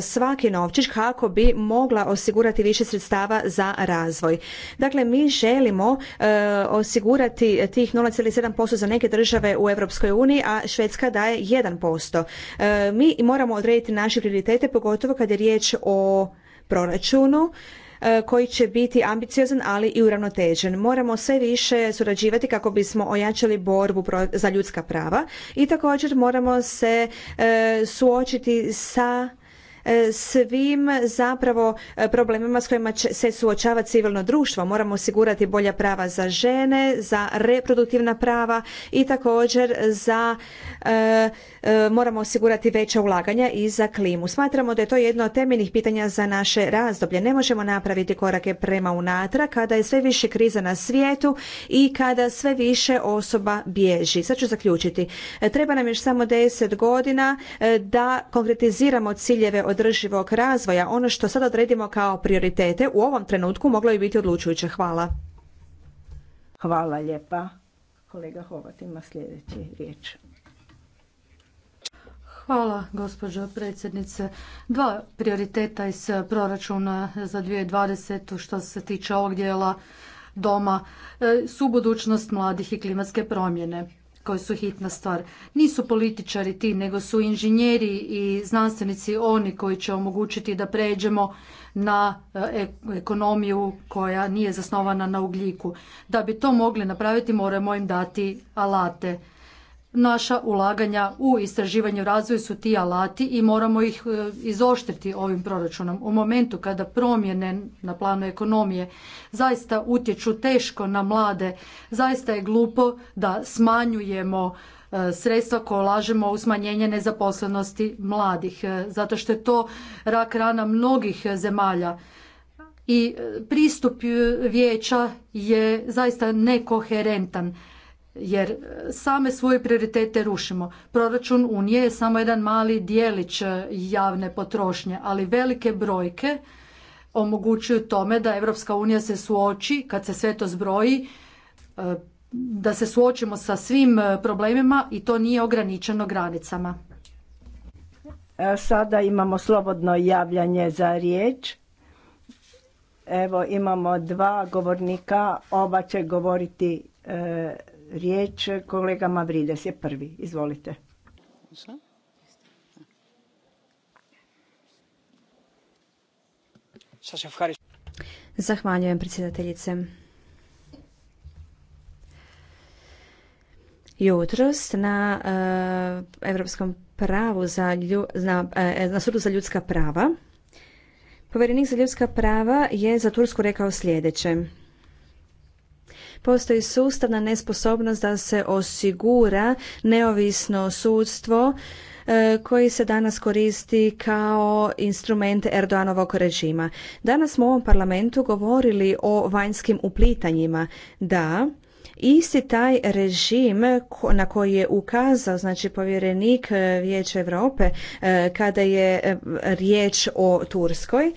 svaki novčić kako bi mogla osigurati više sredstava za razvoj. Dakle, mi želimo e, osigurati tih 0,7% za neke države u Europskoj uniji, a Švedska daje 1%. E, mi moramo odrediti naše prioritete, pogotovo kad je riječ o proračunu e, koji će biti ambiciozan ali i uravnotežen. Moramo sve više surađivati kako bismo ojačali borbu za ljudska prava i također moramo se e, suočiti sa E, svim zapravo e, problemima s kojima će se suočava civilno društvo. Moramo osigurati bolja prava za žene, za reproduktivna prava i također za e, moramo osigurati veća ulaganja i za klimu. Smatramo da je to jedno od temeljnih pitanja za naše razdoblje. Ne možemo napraviti korake prema unatrag kada je sve više kriza na svijetu i kada sve više osoba bježi. Sad ću zaključiti. Treba nam još samo deset godina da konkretiziramo ciljeve od održivog razvoja, ono što sad odredimo kao prioritete, u ovom trenutku moglo bi biti odlučujuće. Hvala. Hvala lijepa. Kolega Hovat ima sljedeći riječ. Hvala, gospođo predsjednice. Dva prioriteta iz proračuna za 2020. što se tiče ovog dijela doma e, su budućnost mladih i klimatske promjene koji su hitna stvar. Nisu političari ti, nego su inženjeri i znanstvenici oni koji će omogućiti da pređemo na e, ekonomiju koja nije zasnovana na ugljiku. Da bi to mogli napraviti moramo im dati alate naša ulaganja u istraživanje i razvoj su ti alati i moramo ih e, izoštriti ovim proračunom. U momentu kada promjene na planu ekonomije zaista utječu teško na mlade, zaista je glupo da smanjujemo e, sredstva koja ulažemo u smanjenje nezaposlenosti mladih, e, zato što je to rak rana mnogih zemalja i pristup vijeća je zaista nekoherentan jer e, same svoje prioritete rušimo. Proračun Unije je samo jedan mali dijelić e, javne potrošnje, ali velike brojke omogućuju tome da Europska unija se suoči, kad se sve to zbroji, e, da se suočimo sa svim problemima i to nije ograničeno granicama. Sada imamo slobodno javljanje za riječ. Evo imamo dva govornika, oba će govoriti riječ e, kolega Mavrides je prvi. Izvolite. Zahvaljujem predsjedateljice. Jutros na Europskom pravu za e, e, na, sudu za ljudska prava Povjerenik za ljudska prava je za Tursku rekao sljedeće. Postoji sustavna nesposobnost da se osigura neovisno sudstvo e, koji se danas koristi kao instrument Erdoanovog režima. Danas smo u ovom parlamentu govorili o vanjskim uplitanjima. Da, isti taj režim na koji je ukazao znači povjerenik e, Vijeća Europe e, kada je riječ o Turskoj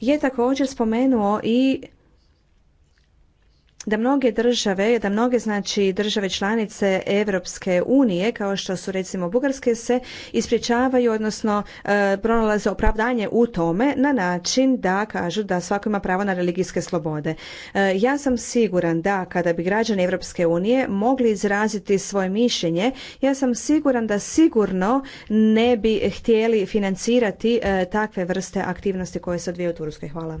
je također spomenuo i da mnoge države, da mnoge znači države članice Europske unije kao što su recimo Bugarske se ispričavaju odnosno e, pronalaze opravdanje u tome na način da kažu da svako ima pravo na religijske slobode. E, ja sam siguran da kada bi građani Europske unije mogli izraziti svoje mišljenje, ja sam siguran da sigurno ne bi htjeli financirati e, takve vrste aktivnosti koje se odvijaju u Turskoj. Hvala.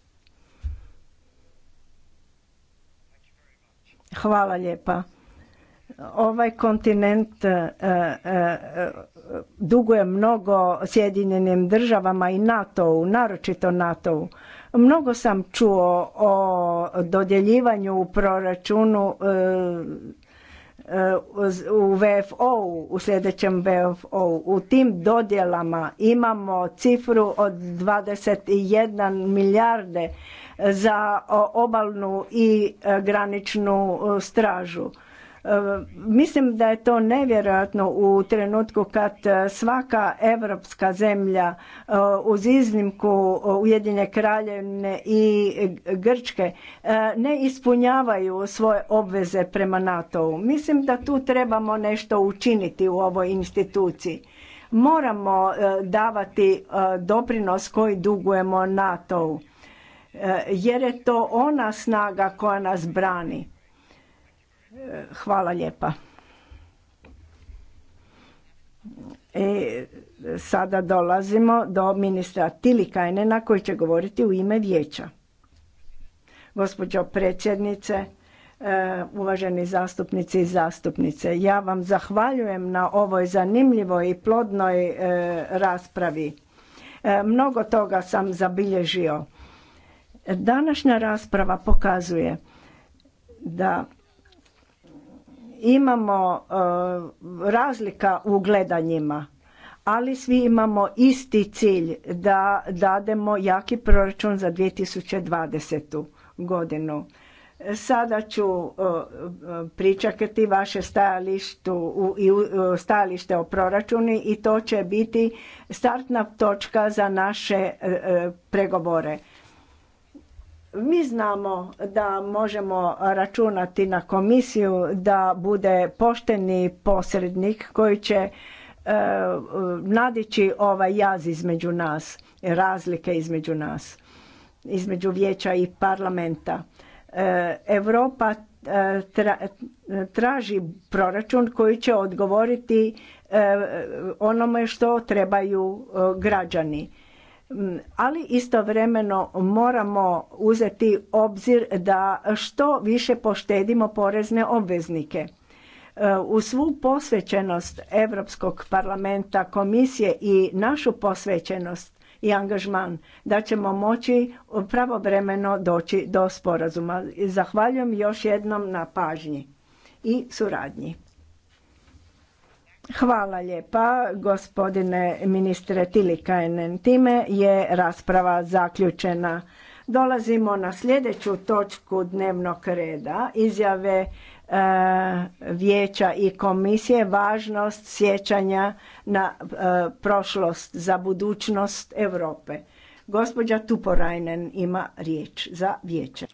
Hvala lijepa. Ovaj kontinent e, e, e, duguje mnogo Sjedinjenim državama i NATO-u, naročito NATO-u. Mnogo sam čuo o dodjeljivanju u proračunu u VFO-u, sljedećem VFO-u. U tim dodjelama imamo cifru od 21 milijarde za obalnu i e, graničnu e, stražu. E, mislim da je to nevjerojatno u trenutku kad e, svaka europska zemlja e, uz iznimku Ujedinje Kraljevine i Grčke ne ispunjavaju svoje obveze prema NATO-u. Mislim da tu trebamo nešto učiniti u ovoj instituciji. Moramo davati doprinos koji dugujemo NATO-u jer je to ona snaga koja nas brani Hvala lijepa. E, sada dolazimo do ministra Tilikajnena koji će govoriti u ime vijeća. Gospođo predsjednice, e, uvaženi zastupnici i zastupnice. Ja vam zahvaljujem na ovoj zanimljivoj i plodnoj e, raspravi. E, mnogo toga sam zabilježio. Današnja rasprava pokazuje da imamo e, razlika u gledanjima, ali svi imamo isti cilj da dademo jaki proračun za 2020. godinu. Sada ću e, pričakati vaše stajalištu, e, stajalište o proračunu i to će biti startna točka za naše pregovore. Mi znamo da možemo računati na komisiju da bude pošteni posrednik koji će e, nadići ovaj jaz između nas, razlike između nas, između vijeća i parlamenta. E, Europa e, traži proračun koji će odgovoriti e, onome što trebaju građani Mm, ali istovremeno moramo uzeti obzir da što više poštedimo porezne obveznike. E, u svu posvećenost Europskog parlamenta, komisije i našu posvećenost i angažman da ćemo moći pravovremeno doći do sporazuma. Zahvaljujem još jednom na pažnji i suradnji. Hvala lijepa gospodine ministre Tilikajnen. Time je rasprava zaključena. Dolazimo na sljedeću točku dnevnog reda, izjave e, vijeća i komisije, važnost sjećanja na e, prošlost za budućnost Europe. Gospođa Tuporajnen ima riječ za vijeće.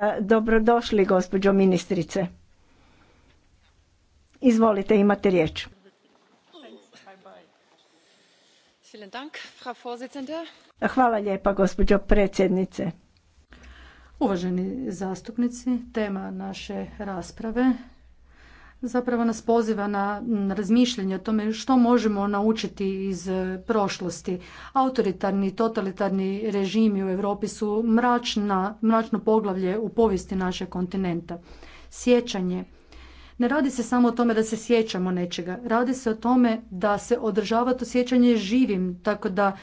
E, dobrodošli, gospođo ministrice. Izvolite, imate riječ. Hvala lijepa, gospođo predsjednice. Uvaženi zastupnici, tema naše rasprave zapravo nas poziva na razmišljanje o tome što možemo naučiti iz e, prošlosti. Autoritarni, i totalitarni režimi u Europi su mračna, mračno poglavlje u povijesti našeg kontinenta. Sjećanje. Ne radi se samo o tome da se sjećamo nečega, radi se o tome da se održava to sjećanje živim, tako da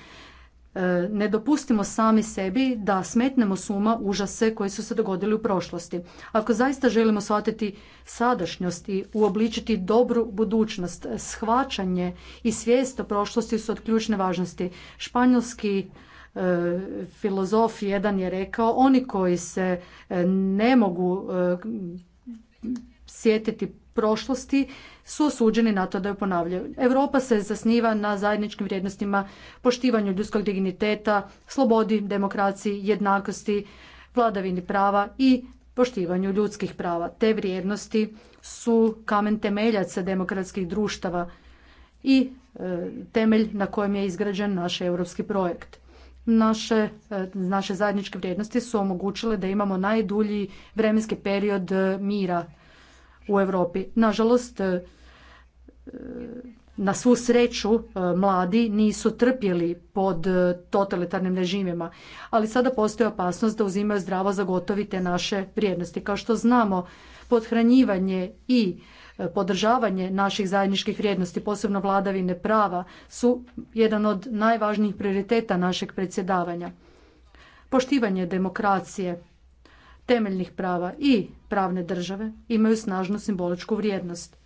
E, ne dopustimo sami sebi da smetnemo suma užase koji su se dogodili u prošlosti. Ako zaista želimo shvatiti sadašnjost i uobličiti dobru budućnost, shvaćanje i svijest o prošlosti su od ključne važnosti. Španjolski e, filozof jedan je rekao, oni koji se e, ne mogu sjetiti prošlosti su osuđeni na to da ju ponavljaju. Europa se zasniva na zajedničkim vrijednostima, poštivanju ljudskog digniteta, slobodi, demokraciji, jednakosti, vladavini prava i poštivanju ljudskih prava. Te vrijednosti su kamen temeljaca demokratskih društava i e, temelj na kojem je izgrađen naš europski projekt. Naše, e, naše zajedničke vrijednosti su omogućile da imamo najdulji vremenski period e, mira u Europi. Nažalost, e, na svu sreću e, mladi nisu trpjeli pod e, totalitarnim režimima, ali sada postoji opasnost da uzimaju zdravo zagotovite naše vrijednosti. Kao što znamo, podhranjivanje i podržavanje naših zajedničkih vrijednosti, posebno vladavine prava, su jedan od najvažnijih prioriteta našeg predsjedavanja. Poštivanje demokracije, temeljnih prava i pravne države imaju snažnu simboličku vrijednost.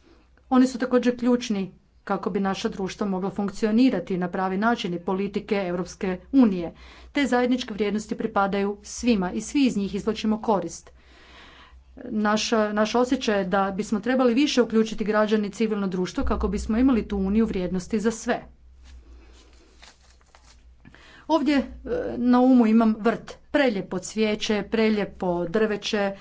Oni su također ključni kako bi naša društva mogla funkcionirati na pravi način i politike Europske unije. Te zajedničke vrijednosti pripadaju svima i svi iz njih izvlačimo korist. Naš, naš osjećaj je da bismo trebali više uključiti građani civilno društvo kako bismo imali tu uniju vrijednosti za sve. Ovdje e, na umu imam vrt preljepo cvijeće, preljepo drveće, e,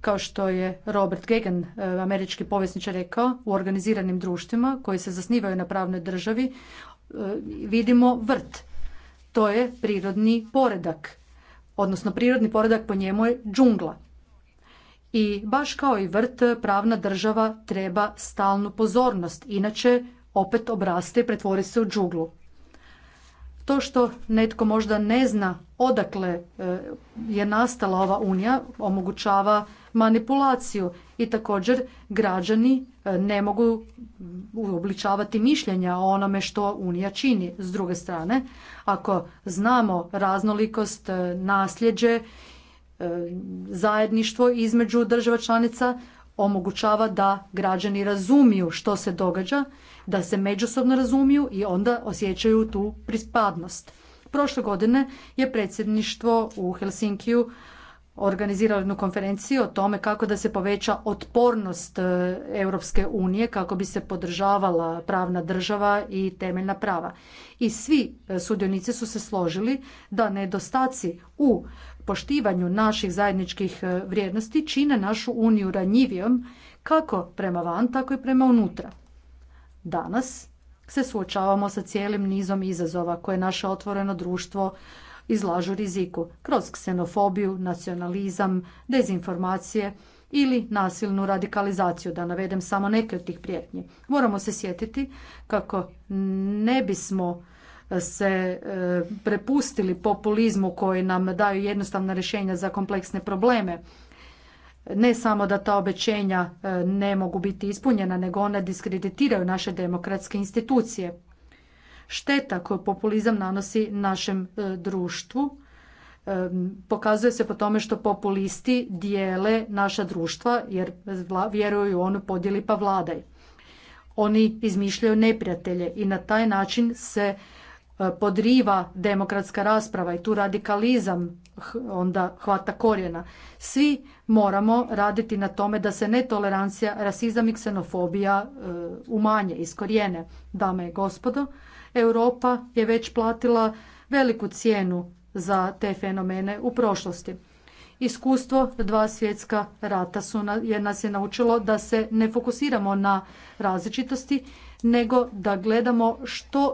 kao što je Robert Gegen, e, američki povjesničar, rekao, u organiziranim društvima koji se zasnivaju na pravnoj državi, e, vidimo vrt. To je prirodni poredak, odnosno prirodni poredak po njemu je džungla. I baš kao i vrt, pravna država treba stalnu pozornost, inače opet obraste i pretvori se u džuglu. To što netko možda ne zna odakle e, je nastala ova unija omogućava manipulaciju i također građani e, ne mogu uobličavati mišljenja o onome što Unija čini. S druge strane, ako znamo raznolikost, e, nasljeđe, zajedništvo između država članica omogućava da građani razumiju što se događa da se međusobno razumiju i onda osjećaju tu prispadnost. Prošle godine je predsjedništvo u Helsinkiju organiziralo jednu konferenciju o tome kako da se poveća otpornost e, Europske unije, kako bi se podržavala pravna država i temeljna prava. I svi e, sudionici su se složili da nedostaci u poštivanju naših zajedničkih e, vrijednosti čine našu uniju ranjivijom kako prema van, tako i prema unutra. Danas se suočavamo sa cijelim nizom izazova koje naše otvoreno društvo izlažu riziku kroz ksenofobiju, nacionalizam, dezinformacije ili nasilnu radikalizaciju, da navedem samo neke od tih prijetnji. Moramo se sjetiti kako ne bismo se e, prepustili populizmu koji nam daju jednostavna rješenja za kompleksne probleme ne samo da ta obećenja e, ne mogu biti ispunjena, nego ona diskreditiraju naše demokratske institucije. Šteta koju populizam nanosi našem e, društvu e, pokazuje se po tome što populisti dijele naša društva jer vjeruju onu podjeli pa vladaj. Oni izmišljaju neprijatelje i na taj način se podriva demokratska rasprava i tu radikalizam onda hvata korijena. Svi moramo raditi na tome da se netolerancija, rasizam i ksenofobija e, umanje, iskorijene. Dame i gospodo, Europa je već platila veliku cijenu za te fenomene u prošlosti. Iskustvo dva svjetska rata su, nas je naučilo da se ne fokusiramo na različitosti, nego da gledamo što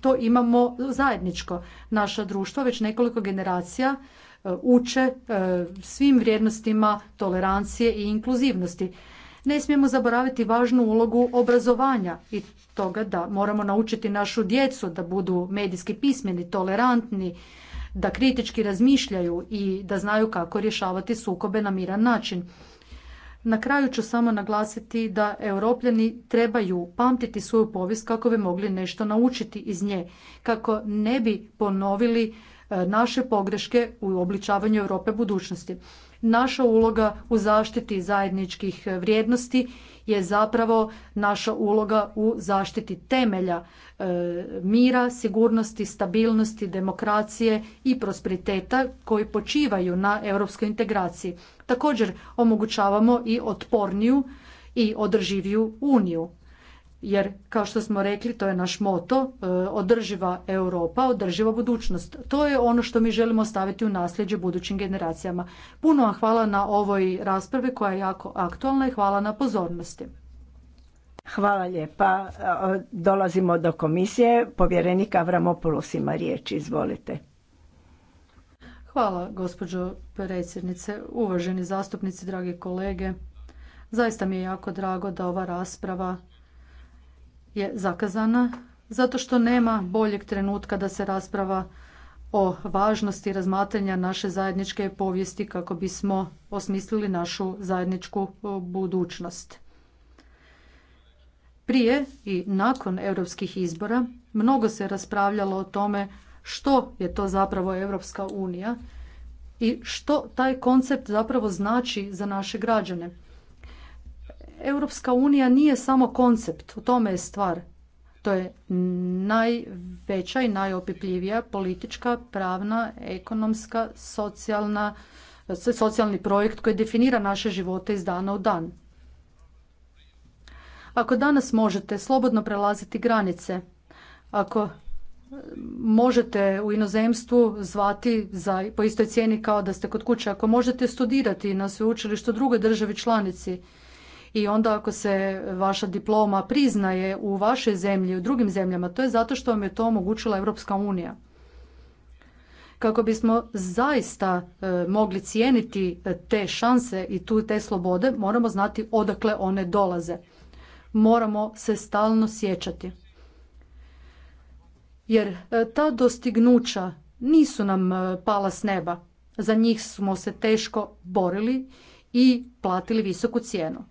to imamo zajedničko. Naša društva već nekoliko generacija E, uče e, svim vrijednostima tolerancije i inkluzivnosti. Ne smijemo zaboraviti važnu ulogu obrazovanja i toga da moramo naučiti našu djecu da budu medijski pismeni, tolerantni, da kritički razmišljaju i da znaju kako rješavati sukobe na miran način. Na kraju ću samo naglasiti da europljani trebaju pamtiti svoju povijest kako bi mogli nešto naučiti iz nje, kako ne bi ponovili E, naše pogreške u obličavanju Europe budućnosti. Naša uloga u zaštiti zajedničkih vrijednosti je zapravo naša uloga u zaštiti temelja e, mira, sigurnosti, stabilnosti, demokracije i prosperiteta koji počivaju na europskoj integraciji. Također omogućavamo i otporniju i održiviju uniju jer kao što smo rekli to je naš moto e, održiva Europa, održiva budućnost. To je ono što mi želimo staviti u nasljeđe budućim generacijama. Puno vam hvala na ovoj raspravi koja je jako aktualna i hvala na pozornosti. Hvala lijepa. E, dolazimo do komisije. Povjerenik Avramopoulos ima riječ. Izvolite. Hvala gospođo predsjednice, uvaženi zastupnici, dragi kolege. Zaista mi je jako drago da ova rasprava je zakazana zato što nema boljeg trenutka da se rasprava o važnosti razmatranja naše zajedničke povijesti kako bismo osmislili našu zajedničku e, budućnost. Prije i nakon europskih izbora mnogo se raspravljalo o tome što je to zapravo Europska unija i što taj koncept zapravo znači za naše građane. Europska unija nije samo koncept, u tome je stvar. To je najveća i najopipljivija politička, pravna, ekonomska, socijalna, socijalni projekt koji definira naše živote iz dana u dan. Ako danas možete slobodno prelaziti granice, ako možete u inozemstvu zvati za, po istoj cijeni kao da ste kod kuće, ako možete studirati na sveučilištu drugoj državi članici, i onda ako se vaša diploma priznaje u vašoj zemlji i u drugim zemljama, to je zato što vam je to omogućila Europska unija. Kako bismo zaista e, mogli cijeniti e, te šanse i tu te slobode, moramo znati odakle one dolaze. Moramo se stalno sjećati. Jer e, ta dostignuća nisu nam pala s neba. Za njih smo se teško borili i platili visoku cijenu.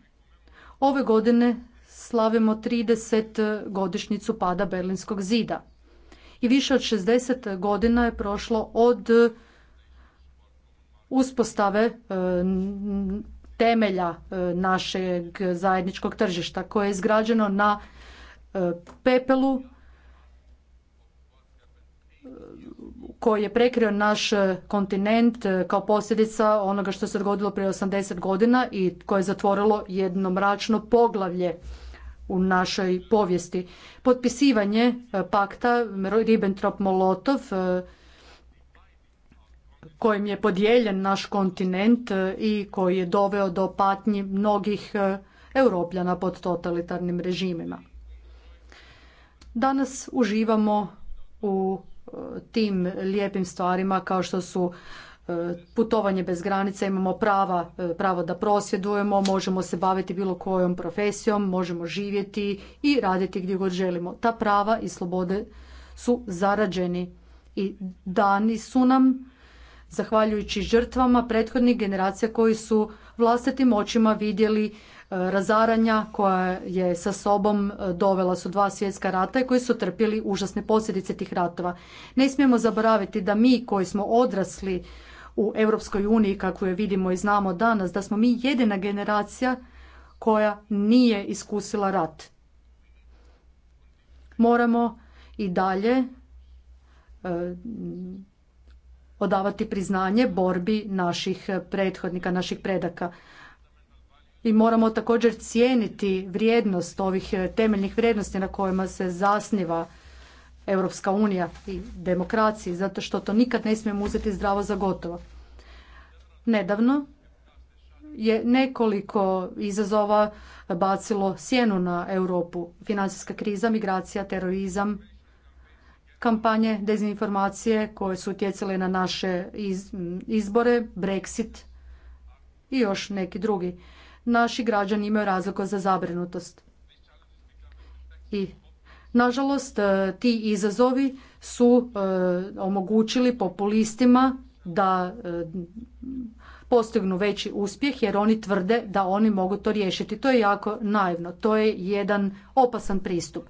Ove godine slavimo 30 e, godišnjicu pada Berlinskog zida. I više od 60 godina je prošlo od e, uspostave e, temelja našeg zajedničkog tržišta koje je izgrađeno na pepelu koji je prekrio naš kontinent e, kao posljedica onoga što se dogodilo prije 80 godina i koje je zatvorilo jedno mračno poglavlje u našoj povijesti. Potpisivanje e, pakta Ribbentrop-Molotov e, kojim je podijeljen naš kontinent i koji je doveo do patnji mnogih europljana pod totalitarnim režimima. Danas uživamo u tim lijepim stvarima kao što su e, putovanje bez granica, imamo prava, e, pravo da prosvjedujemo, možemo se baviti bilo kojom profesijom, možemo živjeti i raditi gdje god želimo. Ta prava i slobode su zarađeni i dani su nam zahvaljujući žrtvama prethodnih generacija koji su vlastitim očima vidjeli razaranja koja je sa sobom e, dovela su dva svjetska rata i koji su trpjeli užasne posljedice tih ratova. Ne smijemo zaboraviti da mi koji smo odrasli u Europskoj uniji kako je vidimo i znamo danas, da smo mi jedina generacija koja nije iskusila rat. Moramo i dalje e, odavati priznanje borbi naših prethodnika, naših predaka i moramo također cijeniti vrijednost ovih e, temeljnih vrijednosti na kojima se zasniva Europska unija i demokraciji, zato što to nikad ne smijemo uzeti zdravo za gotovo. Nedavno je nekoliko izazova bacilo sjenu na Europu. Financijska kriza, migracija, terorizam, kampanje, dezinformacije koje su utjecale na naše izbore, Brexit i još neki drugi naši građani imaju razliku za zabrinutost. I nažalost e, ti izazovi su e, omogućili populistima da e, postignu veći uspjeh jer oni tvrde da oni mogu to riješiti. To je jako naivno, to je jedan opasan pristup.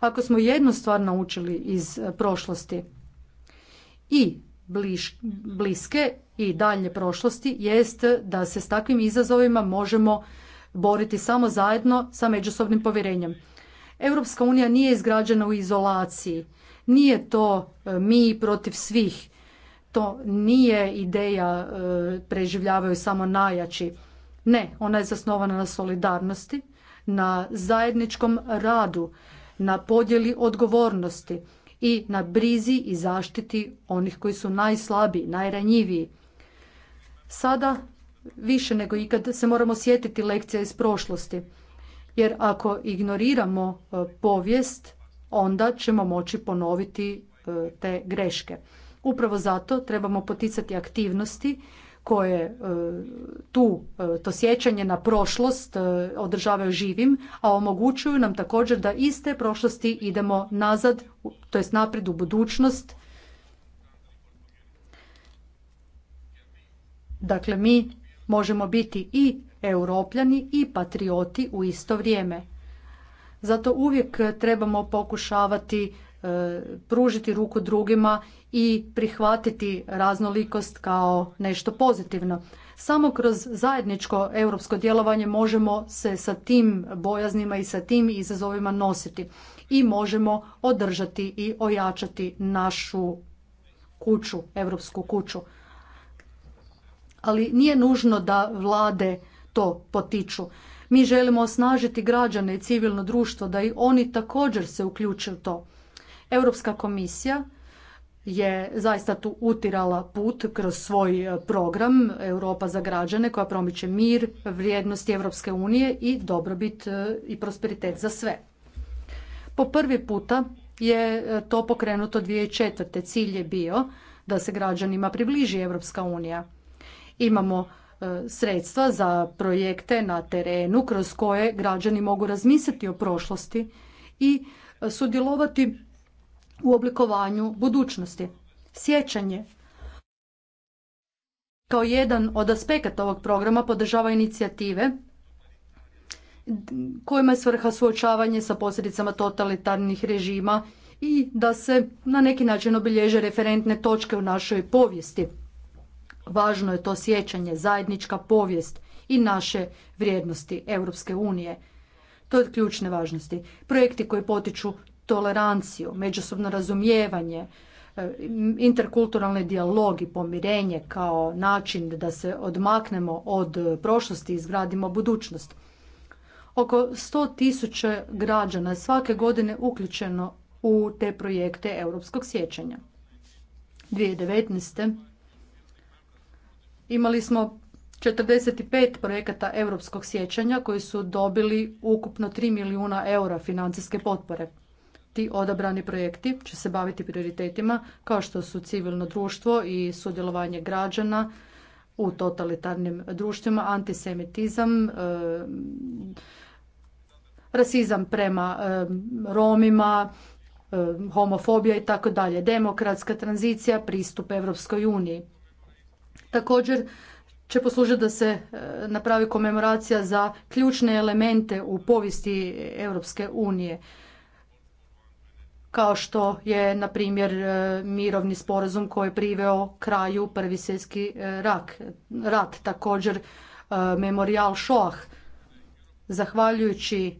Ako smo jednu stvar naučili iz prošlosti i bliske i daljnje prošlosti jest da se s takvim izazovima možemo boriti samo zajedno sa međusobnim povjerenjem. Europska unija nije izgrađena u izolaciji. Nije to e, mi protiv svih. To nije ideja e, preživljavaju samo najjači. Ne, ona je zasnovana na solidarnosti, na zajedničkom radu, na podjeli odgovornosti, i na brizi i zaštiti onih koji su najslabiji, najranjiviji. Sada više nego ikad se moramo sjetiti lekcija iz prošlosti. Jer ako ignoriramo e, povijest, onda ćemo moći ponoviti e, te greške. Upravo zato trebamo poticati aktivnosti koje e, tu e, to sjećanje na prošlost e, održavaju živim, a omogućuju nam također da iz te prošlosti idemo nazad, to jest naprijed u budućnost. Dakle, mi možemo biti i europljani i patrioti u isto vrijeme. Zato uvijek trebamo pokušavati pružiti ruku drugima i prihvatiti raznolikost kao nešto pozitivno. Samo kroz zajedničko europsko djelovanje možemo se sa tim bojaznima i sa tim izazovima nositi i možemo održati i ojačati našu kuću, europsku kuću. Ali nije nužno da vlade to potiču. Mi želimo osnažiti građane i civilno društvo da i oni također se uključe u to. Europska komisija je zaista tu utirala put kroz svoj e, program Europa za građane koja promiče mir, vrijednosti Europske unije i dobrobit e, i prosperitet za sve. Po prvi puta je e, to pokrenuto 2004. Cilj je bio da se građanima približi Europska unija. Imamo sredstva za projekte na terenu kroz koje građani mogu razmisliti o prošlosti i sudjelovati u oblikovanju budućnosti. Sjećanje kao jedan od aspekata ovog programa podržava inicijative kojima je svrha suočavanje sa posljedicama totalitarnih režima i da se na neki način obilježe referentne točke u našoj povijesti. Važno je to sjećanje, zajednička povijest i naše vrijednosti Europske unije. To je od ključne važnosti. Projekti koji potiču toleranciju, međusobno razumijevanje, e, interkulturalni dijalog i pomirenje kao način da se odmaknemo od prošlosti i izgradimo budućnost. Oko 100.000 građana svake godine uključeno u te projekte europskog sjećanja. 2019. imali smo 45 projekata europskog sjećanja koji su dobili ukupno 3 milijuna eura financijske potpore ti odabrani projekti će se baviti prioritetima kao što su civilno društvo i sudjelovanje građana u totalitarnim društvima, antisemitizam, e, rasizam prema e, Romima, e, homofobija i tako dalje, demokratska tranzicija, pristup Europskoj uniji. Također će poslužiti da se napravi komemoracija za ključne elemente u povijesti Europske unije kao što je, na primjer, e, mirovni sporazum koji je priveo kraju Prvi svjetski e, rak, rat, također e, memorial Šoah. Zahvaljujući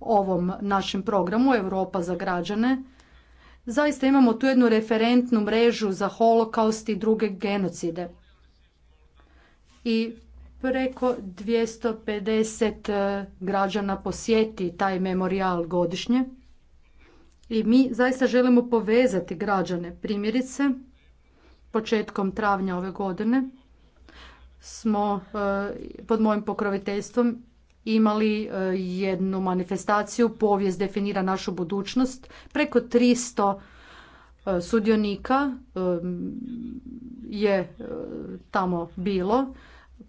ovom našem programu Europa za građane, zaista imamo tu jednu referentnu mrežu za holokaust i druge genocide. I preko 250 građana posjeti taj memorial godišnje. I mi zaista želimo povezati građane. Primjerice, početkom travnja ove godine smo e, pod mojim pokroviteljstvom imali e, jednu manifestaciju Povijest definira našu budućnost. Preko 300 e, sudionika je tamo bilo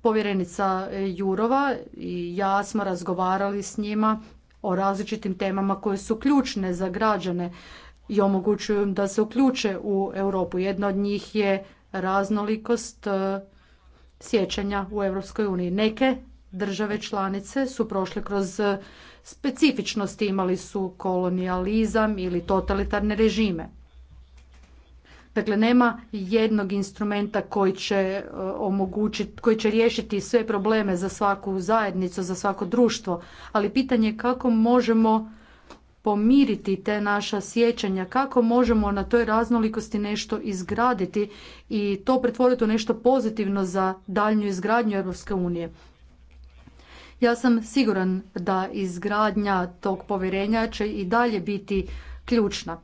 povjerenica Jurova i ja smo razgovarali s njima o različitim temama koje su ključne za građane i omogućuju im da se uključe u Europu. Jedna od njih je raznolikost e, sjećanja u Europskoj uniji. Neke države članice su prošle kroz specifičnosti, imali su kolonijalizam ili totalitarne režime. Dakle, nema jednog instrumenta koji će e, omogućiti, koji će riješiti sve probleme za svaku zajednicu, za svako društvo, ali pitanje je kako možemo pomiriti te naša sjećanja, kako možemo na toj raznolikosti nešto izgraditi i to pretvoriti u nešto pozitivno za daljnju izgradnju Europske unije. Ja sam siguran da izgradnja tog povjerenja će i dalje biti ključna.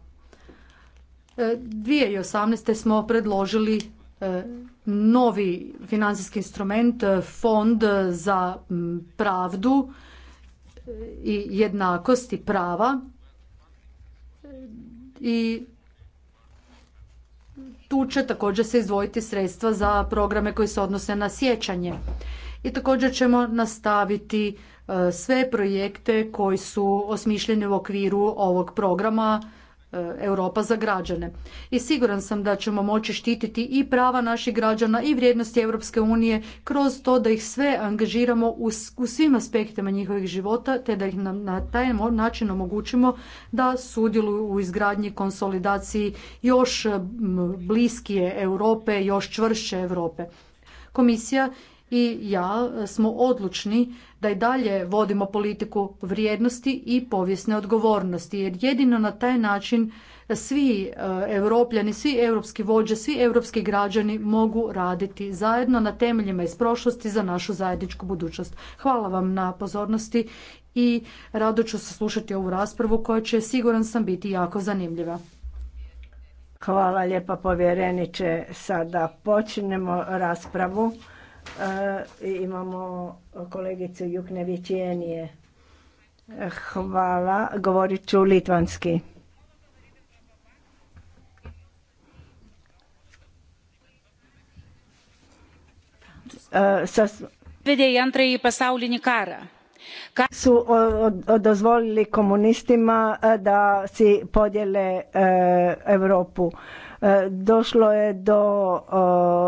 2018. E, smo predložili e, novi financijski instrument, e, fond za pravdu i jednakosti prava i tu će također se izdvojiti sredstva za programe koji se odnose na sjećanje. I također ćemo nastaviti sve projekte koji su osmišljeni u okviru ovog programa E, Europa za građane. I siguran sam da ćemo moći štititi i prava naših građana i vrijednosti Europske unije kroz to da ih sve angažiramo u svim aspektima njihovih života te da ih na taj način omogućimo da sudjeluju u izgradnji konsolidaciji još bliskije Europe, još čvršće Europe. Komisija i ja e, smo odlučni da i dalje vodimo politiku vrijednosti i povijesne odgovornosti jer jedino na taj način svi e, europljani, svi europski vođe, svi europski građani mogu raditi zajedno na temeljima iz prošlosti za našu zajedničku budućnost. Hvala vam na pozornosti i rado ću slušati ovu raspravu koja će siguran sam biti jako zanimljiva. Hvala lijepa povjereniče. Sada počinemo raspravu. E, imamo kolegicu Juknevićenije. E, hvala, govorit ću litvanski. E, i i Su dozvolili komunistima da si podjele Europu. Došlo je do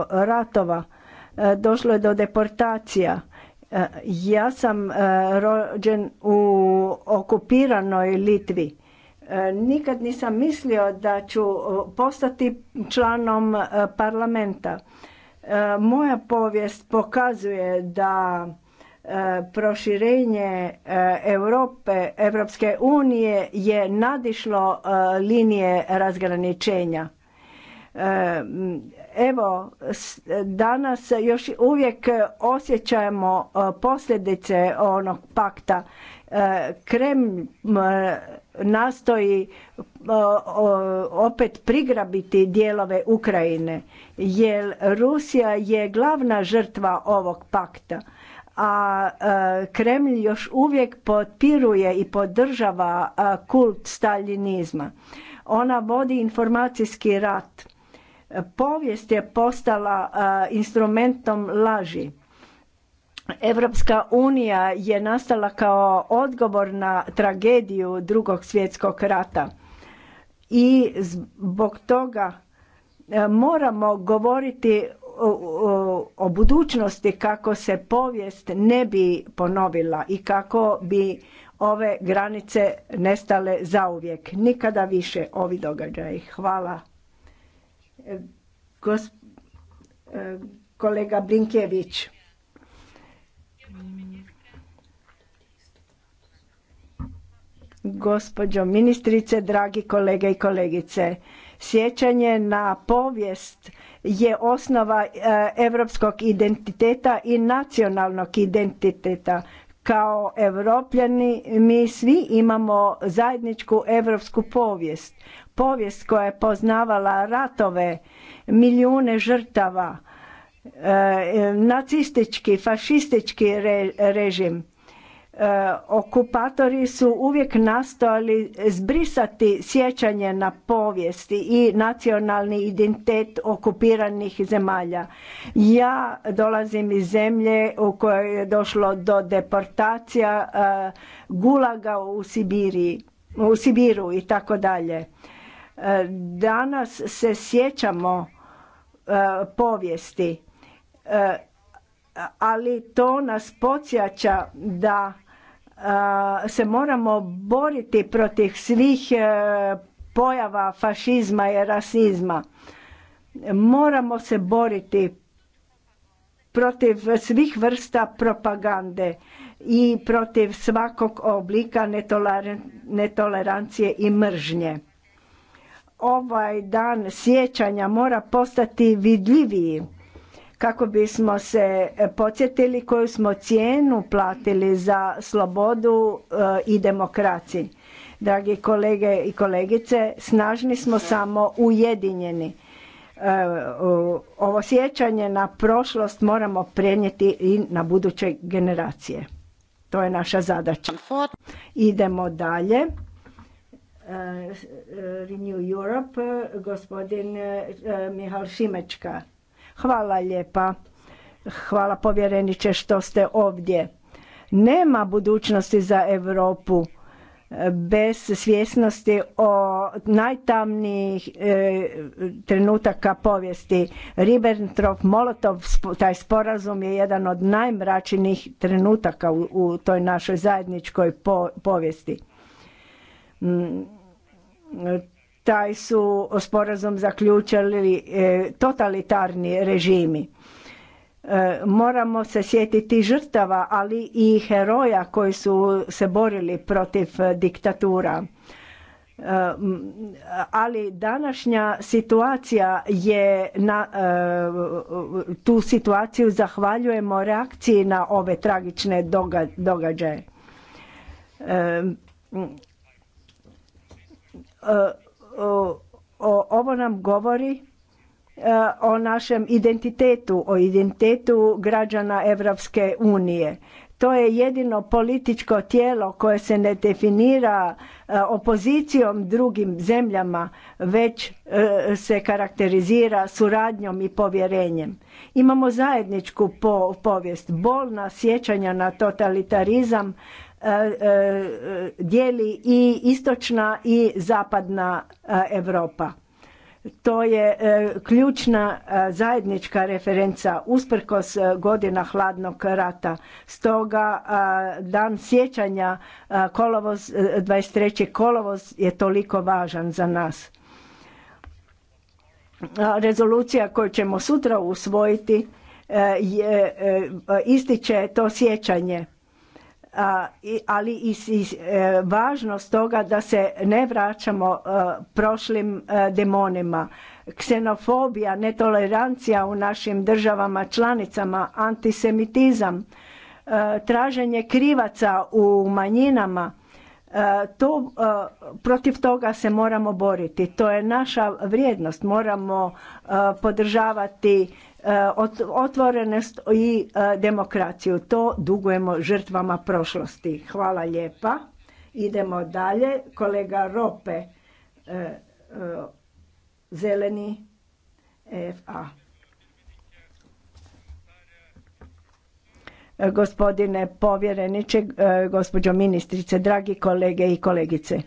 ratova E, došlo je do deportacija. E, ja sam e, rođen u okupiranoj Litvi. Nikad nisam mislio da ću postati članom parlamenta. Moja povijest pokazuje da proširenje Europe, Europske unije je nadišlo linije razgraničenja Evo, danas još uvijek osjećamo e, posljedice onog pakta. E, Krem nastoji opet prigrabiti dijelove Ukrajine, jer Rusija je glavna žrtva ovog pakta a e, Kremlj još uvijek potpiruje i podržava kult staljinizma. Ona vodi informacijski rat Povijest je postala instrumentom laži. Europska unija je nastala kao odgovor na tragediju drugog svjetskog rata i zbog toga e, moramo govoriti o budućnosti kako se povijest ne bi ponovila i kako bi ove granice nestale zauvijek. Nikada više ovi događaji. Hvala. Gosp... E, kolega brinkević Gospođo ministrice, dragi kolege i kolegice, sjećanje na povijest je osnova europskog identiteta i nacionalnog identiteta. Kao evropljani mi svi imamo zajedničku evropsku povijest. Povijest koja je poznavala ratove, milijune žrtava, e, e, nacistički, fašistički režim Eh, okupatori su uvijek nastojali zbrisati sjećanje na povijesti i nacionalni identitet okupiranih zemalja. Ja dolazim iz zemlje u kojoj je došlo do deportacija eh, gulaga u Sibiriji, u Sibiru i tako dalje. Eh, danas se sjećamo povijesti ali to nas podsjeća da se moramo boriti protiv svih e, pojava fašizma i rasizma. Moramo se boriti protiv svih vrsta propagande i protiv svakog oblika netolerancije i mržnje. Ovaj dan sjećanja mora postati vidljiviji kako bismo se e, podsjetili koju smo cijenu platili za slobodu e, i demokraciju. Dragi kolege i kolegice, snažni smo samo ujedinjeni. E, ovo sjećanje na prošlost moramo prenijeti i na buduće generacije. To je naša zadaća. Idemo dalje. Renew Europe, gospodin Mihal Šimečka. Hvala lijepa. Hvala povjereniče što ste ovdje. Nema budućnosti za Europu e, bez svjesnosti o najtamnijih e, trenutaka povijesti. Ribbentrop-Molotov, taj sporazum je jedan od najmračnijih trenutaka u, toj našoj zajedničkoj po, povijesti. Mm, taj su sporazum zaključili e, totalitarni režimi. E, moramo se sjetiti žrtava, ali i heroja koji su se borili protiv diktatura. E, ali današnja situacija je na tu situaciju zahvaljujemo reakciji na ove tragične doga, događaje ovo nam govori e, o našem identitetu, o identitetu građana Evropske unije. To je jedino političko tijelo koje se ne definira e, opozicijom drugim zemljama, već e, se karakterizira suradnjom i povjerenjem. Imamo zajedničku povijest, bolna sjećanja na totalitarizam, E, e, dijeli i istočna i zapadna Europa. To je e, ključna zajednička referenca usprkos godina hladnog rata. Stoga dan sjećanja kolovoz 23. kolovoz je toliko važan za nas. Rezolucija koju ćemo sutra usvojiti je, ističe to sjećanje ali i e, važnost toga da se ne vraćamo e, prošlim e, demonima. Ksenofobija, netolerancija u našim državama članicama, antisemitizam, traženje krivaca u manjinama, to, protiv toga se moramo boriti. To je naša vrijednost. Moramo podržavati Eh, otvorenost i eh, demokraciju. To dugujemo žrtvama prošlosti. Hvala lijepa. Idemo dalje. Kolega Rope, eh, zeleni FA. Gospodine povjereniče, gospođo ministrice, dragi kolege i kolegice.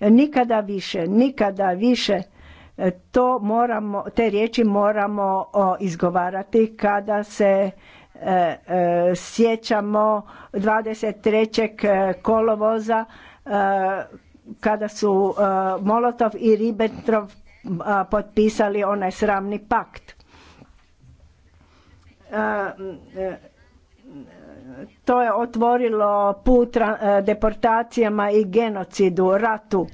Nikada više, nikada više E, to moramo, te riječi moramo izgovarati kada se e, e, sjećamo 23. kolovoza kada su Molotov i Ribbentrop potpisali onaj sramni pakt. To je otvorilo put deportacijama i genocidu, ratu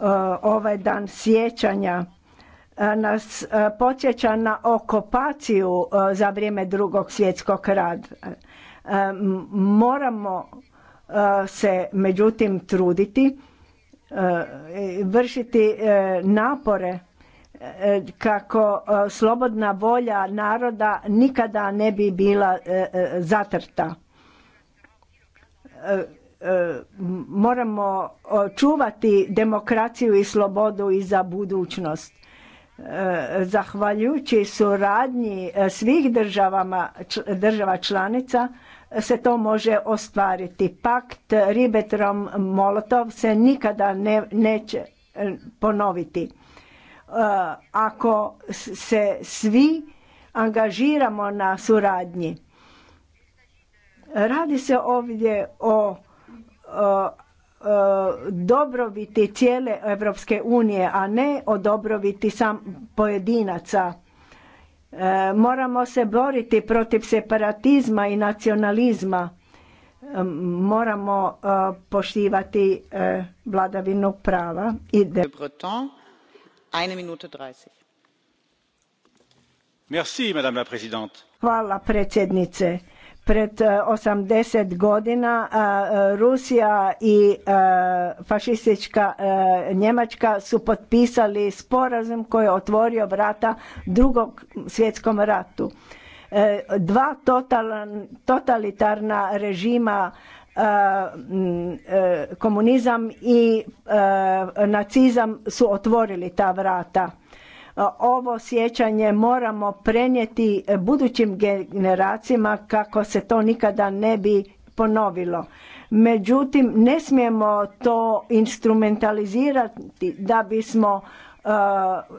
Eh, ovaj dan sjećanja eh, nas eh, podsjeća na okupaciju za vrijeme drugog svjetskog rada. Moramo se međutim truditi, vršiti napore kako slobodna volja naroda nikada ne bi bila zatrta E, moramo e, čuvati demokraciju i slobodu i za budućnost. E, zahvaljujući suradnji svih državama, država članica se to može ostvariti. Pakt Ribetrom molotov se nikada ne, neće ponoviti. Ako se svi angažiramo na suradnji, Radi se ovdje o dobrobiti cijele Europske unije, a ne o dobrobiti sam pojedinaca. E, moramo se boriti protiv separatizma i nacionalizma. E, moramo e, poštivati vladavinu prava i Hvala predsjednice Pred 80 e, godina e, Rusija i e, fašistička Njemačka su potpisali sporazum koji je otvorio vrata drugog svjetskom ratu. Dva totalitarna režima komunizam i nacizam su otvorili ta vrata E, ovo sjećanje moramo prenijeti e, budućim generacijama kako se to nikada ne bi ponovilo. Međutim, ne smijemo to instrumentalizirati da bismo e,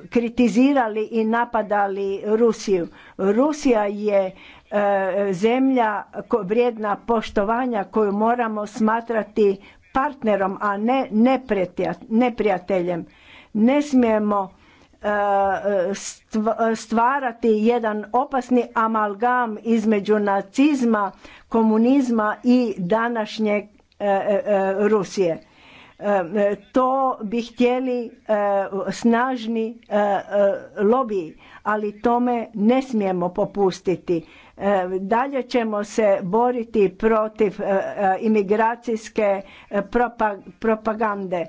kritizirali i napadali Rusiju. Rusija je zemlja vrijedna poštovanja koju moramo smatrati partnerom, a ne neprijateljem. Ne smijemo E, e, stvarati jedan opasni amalgam između nacizma, komunizma i današnje e, Rusije. To bi htjeli snažni lobiji, ali tome ne smijemo popustiti. Dalje ćemo se boriti protiv imigracijske propagande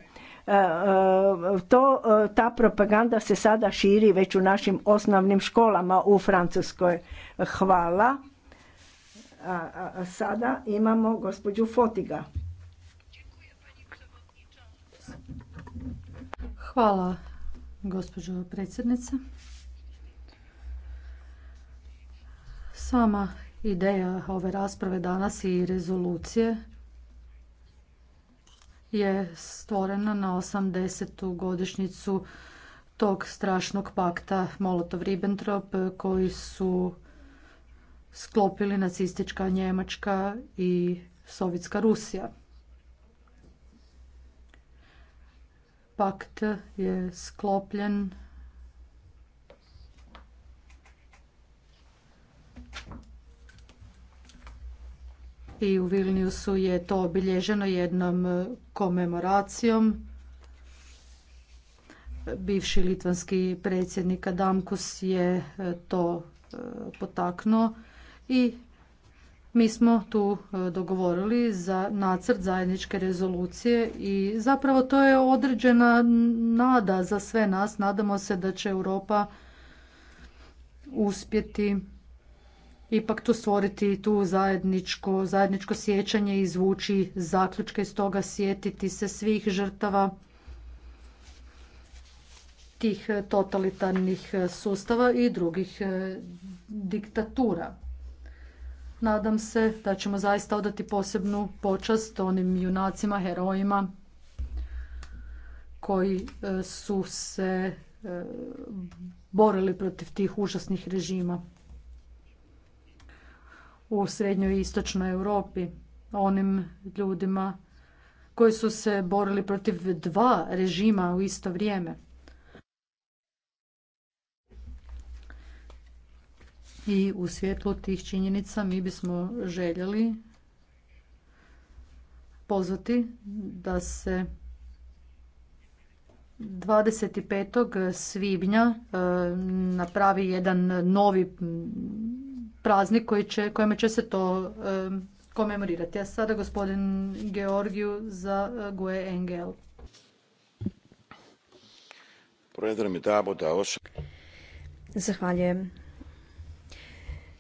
E, e, to, e, ta propaganda se sada širi već u našim osnovnim školama u Francuskoj. Hvala. A, sada imamo gospođu Fotiga. Hvala, gospođo predsjednice. Sama ideja ove rasprave danas i rezolucije je stvorena na 80. godišnjicu tog strašnog pakta Molotov-Ribbentrop koji su sklopili nacistička Njemačka i Sovjetska Rusija. Pakt je sklopljen i u Vilniusu je to obilježeno jednom e, komemoracijom. Bivši litvanski predsjednik Adamkus je e, to e, potaknuo i mi smo tu dogovorili za nacrt zajedničke rezolucije i zapravo to je određena nada za sve nas. Nadamo se da će Europa uspjeti ipak tu stvoriti tu zajedničko, zajedničko sjećanje i izvući zaključke iz toga, sjetiti se svih žrtava tih totalitarnih sustava i drugih e, diktatura. Nadam se da ćemo zaista odati posebnu počast onim junacima, herojima koji e, su se e, borili protiv tih užasnih režima u srednjoj i istočnoj Europi, onim ljudima koji su se borili protiv dva režima u isto vrijeme. I u svjetlu tih činjenica mi bismo željeli pozvati da se 25. svibnja e, napravi jedan novi praznik koji će, kojima će se to komemorirati. A sada gospodin Georgiju za e, Gue Engel. Zahvaljujem.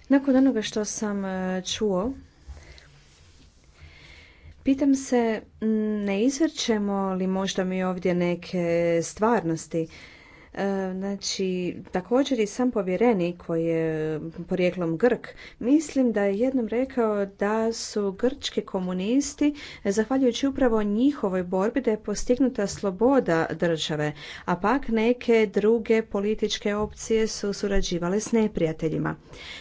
Nakon onoga što sam e, čuo, pitam se ne izvrćemo li možda mi ovdje neke stvarnosti E, znači, također i sam povjerenik koji je porijeklom Grk, mislim da je jednom rekao da su grčki komunisti, zahvaljujući upravo njihovoj borbi, da je postignuta sloboda države, a pak neke druge političke opcije su surađivale s neprijateljima.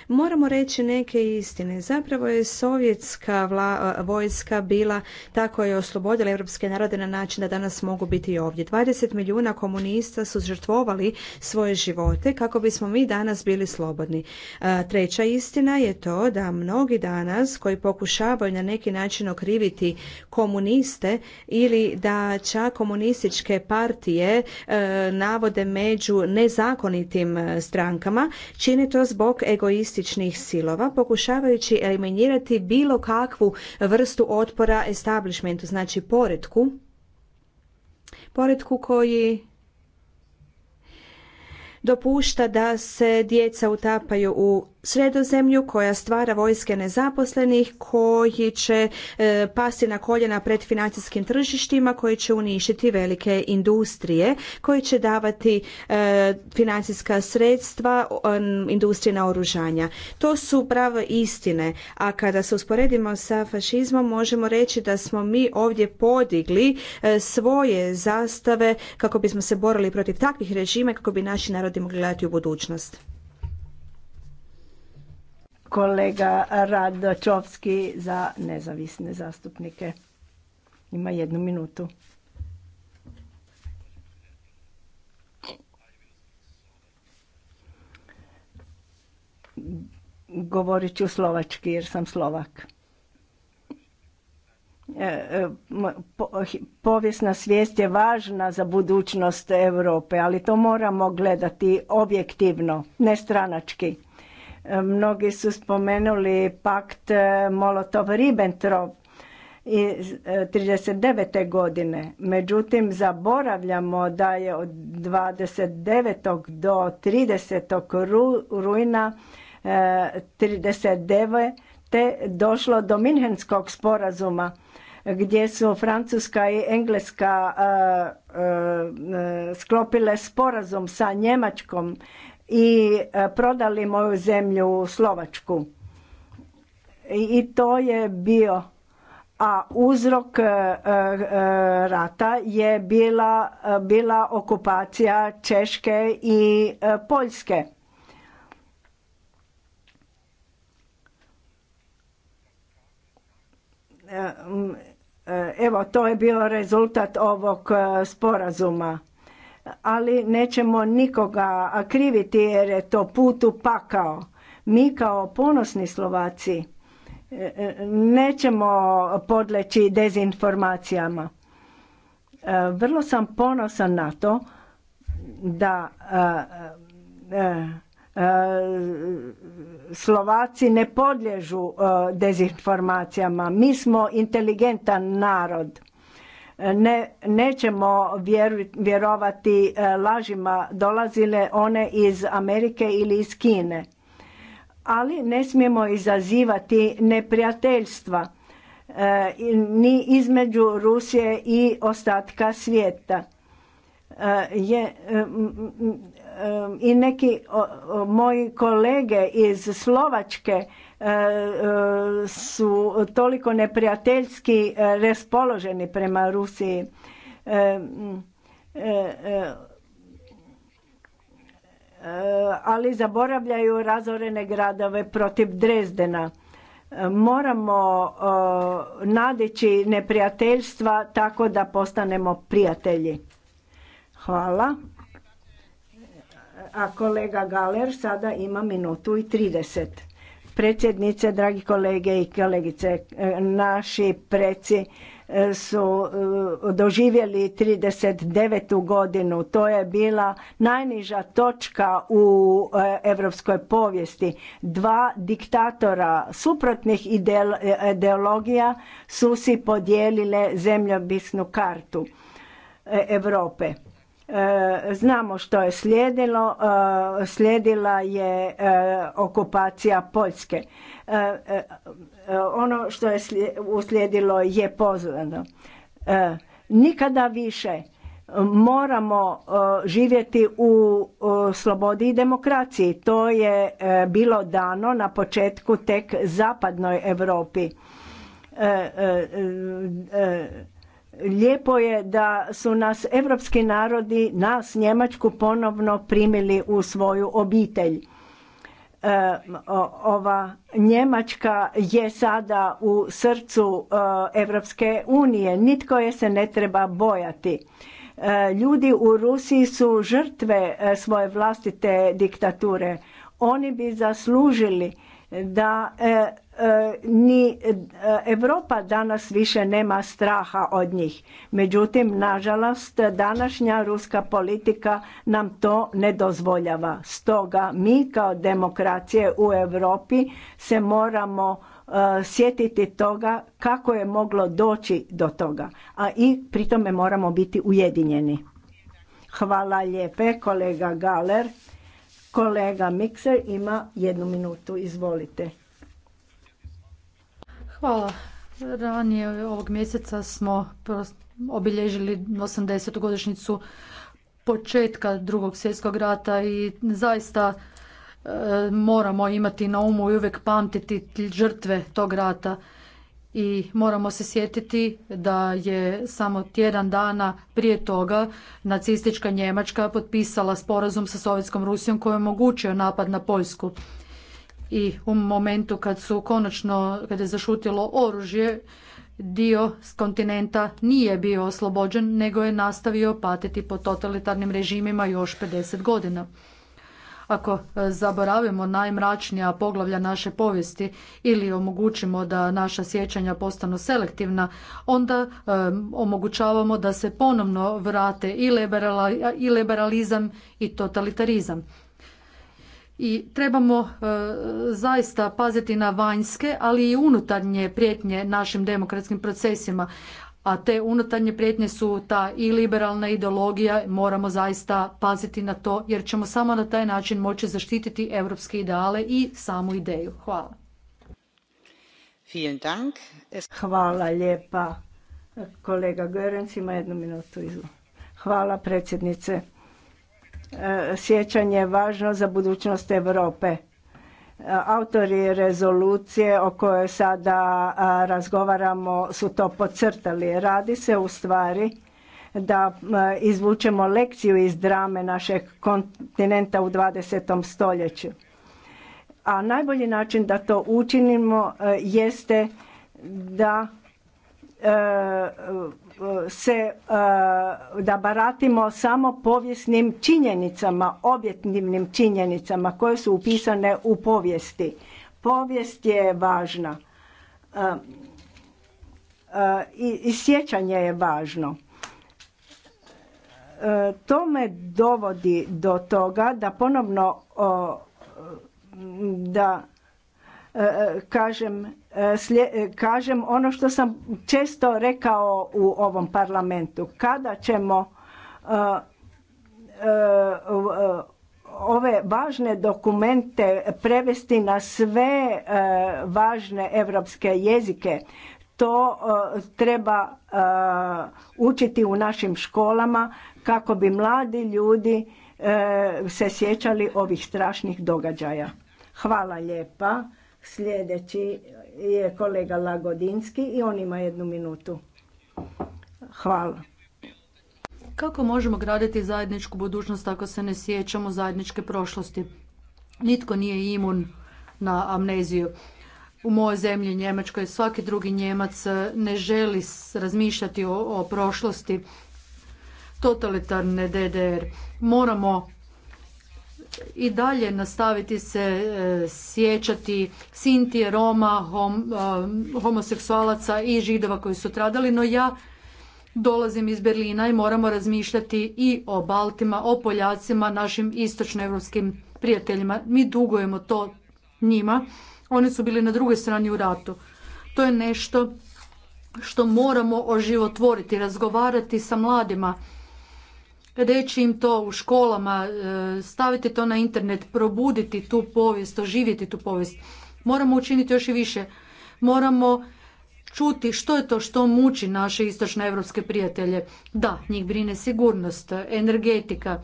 Moramo reći neke istine. Zapravo je sovjetska vla, vojska bila ta koja je oslobodila europske narode na način da danas mogu biti ovdje. 20 milijuna komunista su žrtvo žrtvovali svoje živote kako bismo mi danas bili slobodni. E, treća istina je to da mnogi danas koji pokušavaju na neki način okriviti komuniste ili da čak komunističke partije e, navode među nezakonitim e, strankama, čine to zbog egoističnih silova, pokušavajući eliminirati bilo kakvu vrstu otpora establishmentu, znači poredku, poredku koji dopušta da se djeca utapaju u sredozemlju koja stvara vojske nezaposlenih koji će e, pasti na koljena pred financijskim tržištima koji će uništiti velike industrije koji će davati e, financijska sredstva e, na naoružanja to su prave istine a kada se usporedimo sa fašizmom možemo reći da smo mi ovdje podigli e, svoje zastave kako bismo se borili protiv takvih režima kako bi naši narodi mogli gledati u budućnost kolega čovski za nezavisne zastupnike. Ima jednu minutu. Govorit ću slovački jer sam slovak. E, e, povijesna svijest je važna za budućnost Europe, ali to moramo gledati objektivno, ne stranački Mnogi su spomenuli pakt e, Molotov-Ribbentrop i 39. E, godine. Međutim, zaboravljamo da je od 29. do 30. rujna 39. E, te došlo do Minhenskog sporazuma gdje su Francuska i Engleska sklopile sporazum sa Njemačkom i e, prodali moju zemlju Slovačku. I to je bio a uzrok e, e, rata je bila, bila okupacija Češke i Poljske. Evo, to je bio rezultat ovog sporazuma ali nećemo nikoga kriviti jer je to put u pakao. Mi kao ponosni Slovaci e, e, nećemo podleći dezinformacijama. E, vrlo sam ponosan na to da Slovaci ne podlježu dezinformacijama. Mi smo inteligentan narod ne, nećemo vjerovati e, lažima dolazile one iz Amerike ili iz Kine. Ali ne smijemo izazivati neprijateljstva e, ni između Rusije i ostatka svijeta. E, je, I neki moji kolege iz Slovačke su toliko neprijateljski e, raspoloženi prema Rusiji. E, e, ali zaboravljaju razorene gradove protiv Drezdena. Moramo nadići neprijateljstva tako da postanemo prijatelji. Hvala. A kolega Galer sada ima minutu i 30 predsjednice, dragi kolege i kolegice. E, naši preci e, su e, doživjeli 39. godinu. To je bila najniža točka u europskoj povijesti. Dva diktatora suprotnih ideologija su si podijelile zemljopisnu kartu Europe E, znamo što je slijedilo, e, slijedila je e, okupacija Poljske. Ono što je uslijedilo je pozvano. Nikada više moramo živjeti u slobodi i demokraciji. To je bilo dano na početku tek zapadnoj Europi Lijepo je da su nas evropski narodi, nas Njemačku ponovno primili u svoju obitelj. E, ova Njemačka je sada u srcu e, Evropske unije. Nitko je se ne treba bojati. E, ljudi u Rusiji su žrtve svoje vlastite diktature. Oni bi zaslužili da E, ni Europa danas više nema straha od njih. Međutim, nažalost, današnja ruska politika nam to ne dozvoljava. Stoga mi kao demokracije u Europi se moramo e, sjetiti toga kako je moglo doći do toga, a i pri tome moramo biti ujedinjeni. Hvala lijepe, kolega Galer. Kolega Mikser ima jednu minutu, izvolite. Hvala. Ranije ovog mjeseca smo obilježili 80. godišnjicu početka drugog svjetskog rata i zaista e, moramo imati na umu i uvijek pamtiti žrtve tog rata i moramo se sjetiti da je samo tjedan dana prije toga nacistička Njemačka potpisala sporazum sa Sovjetskom Rusijom koji je omogućio napad na Poljsku i u momentu kad su konačno, kada je zašutilo oružje, dio s kontinenta nije bio oslobođen, nego je nastavio patiti po totalitarnim režimima još 50 godina. Ako e, zaboravimo najmračnija poglavlja naše povijesti ili omogućimo da naša sjećanja postanu selektivna, onda e, omogućavamo da se ponovno vrate i liberalizam i totalitarizam i trebamo e, zaista paziti na vanjske, ali i unutarnje prijetnje našim demokratskim procesima. A te unutarnje prijetnje su ta i liberalna ideologija, moramo zaista paziti na to jer ćemo samo na taj način moći zaštititi europske ideale i samu ideju. Hvala. Hvala lijepa. Kolega Görens ima jednu minutu. Hvala predsjednice. E, sjećanje je važno za budućnost Europe. E, autori rezolucije o kojoj sada razgovaramo su to podcrtali. Radi se u stvari da e, izvučemo lekciju iz drame našeg kontinenta u 20. stoljeću. A najbolji način da to učinimo jeste da se eh, da baratimo samo povijesnim činjenicama, objektivnim činjenicama koje su upisane u povijesti. Povijest je važna eh, eh, i, i sjećanje je važno. To me dovodi do toga da ponovno da E, e, kažem, e, kažem ono što sam često rekao u ovom parlamentu. Kada ćemo ove važne dokumente prevesti na sve važne evropske jezike, to treba učiti u našim školama kako bi mladi ljudi se sjećali ovih strašnih događaja. Hvala lijepa. Sljedeći je kolega Lagodinski i on ima jednu minutu. Hvala. Kako možemo graditi zajedničku budućnost ako se ne sjećamo zajedničke prošlosti? Nitko nije imun na amneziju. U mojoj zemlji Njemačkoj svaki drugi Njemac e, ne želi razmišljati o, o prošlosti totalitarne DDR. Moramo i dalje nastaviti se e, sjećati Sintije, Roma, e, homoseksualaca i židova koji su stradali, no ja dolazim iz Berlina i moramo razmišljati i o Baltima, o Poljacima, našim istočnoevropskim prijateljima. Mi dugujemo to njima. Oni su bili na drugoj strani u ratu. To je nešto što moramo oživotvoriti, razgovarati sa mladima reći im to u školama, e, staviti to na internet, probuditi tu povijest, oživjeti tu povijest. Moramo učiniti još i više. Moramo čuti što je to što muči naše istočnoevropske prijatelje. Da, njih brine sigurnost, energetika,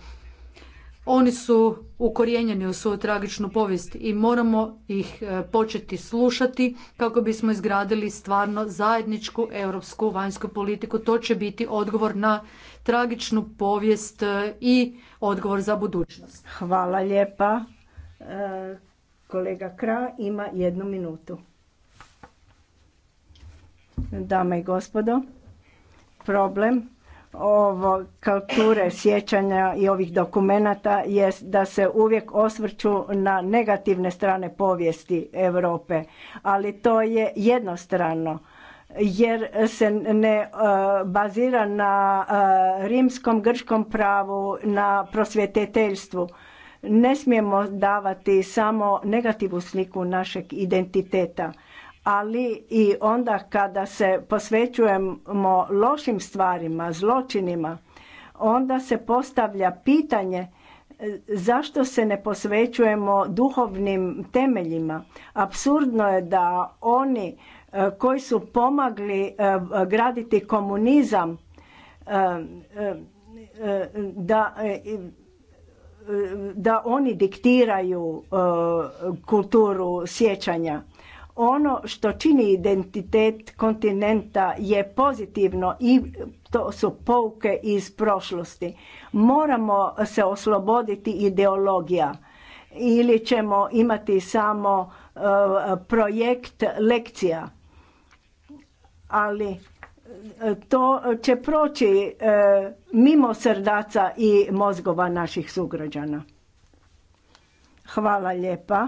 oni su ukorijenjeni u svoju tragičnu povijest i moramo ih e, početi slušati kako bismo izgradili stvarno zajedničku europsku vanjsku politiku. To će biti odgovor na tragičnu povijest e, i odgovor za budućnost. Hvala lijepa. E, kolega Kra ima jednu minutu. Dame i gospodo, problem ovo kulture sjećanja i ovih dokumenata jest da se uvijek osvrću na negativne strane povijesti Europe, ali to je jednostrano jer se ne e, bazira na e, rimskom grčkom pravu, na prosvjetiteljstvu. Ne smijemo davati samo negativnu sliku našeg identiteta ali i onda kada se posvećujemo lošim stvarima, zločinima, onda se postavlja pitanje e, zašto se ne posvećujemo duhovnim temeljima. Apsurdno je da oni e, koji su pomagli e, graditi komunizam da da oni diktiraju kulturu sjećanja ono što čini identitet kontinenta je pozitivno i to su pouke iz prošlosti. Moramo se osloboditi ideologija ili ćemo imati samo e, projekt lekcija. Ali e, to će proći e, mimo srdaca i mozgova naših sugrađana. Hvala lijepa.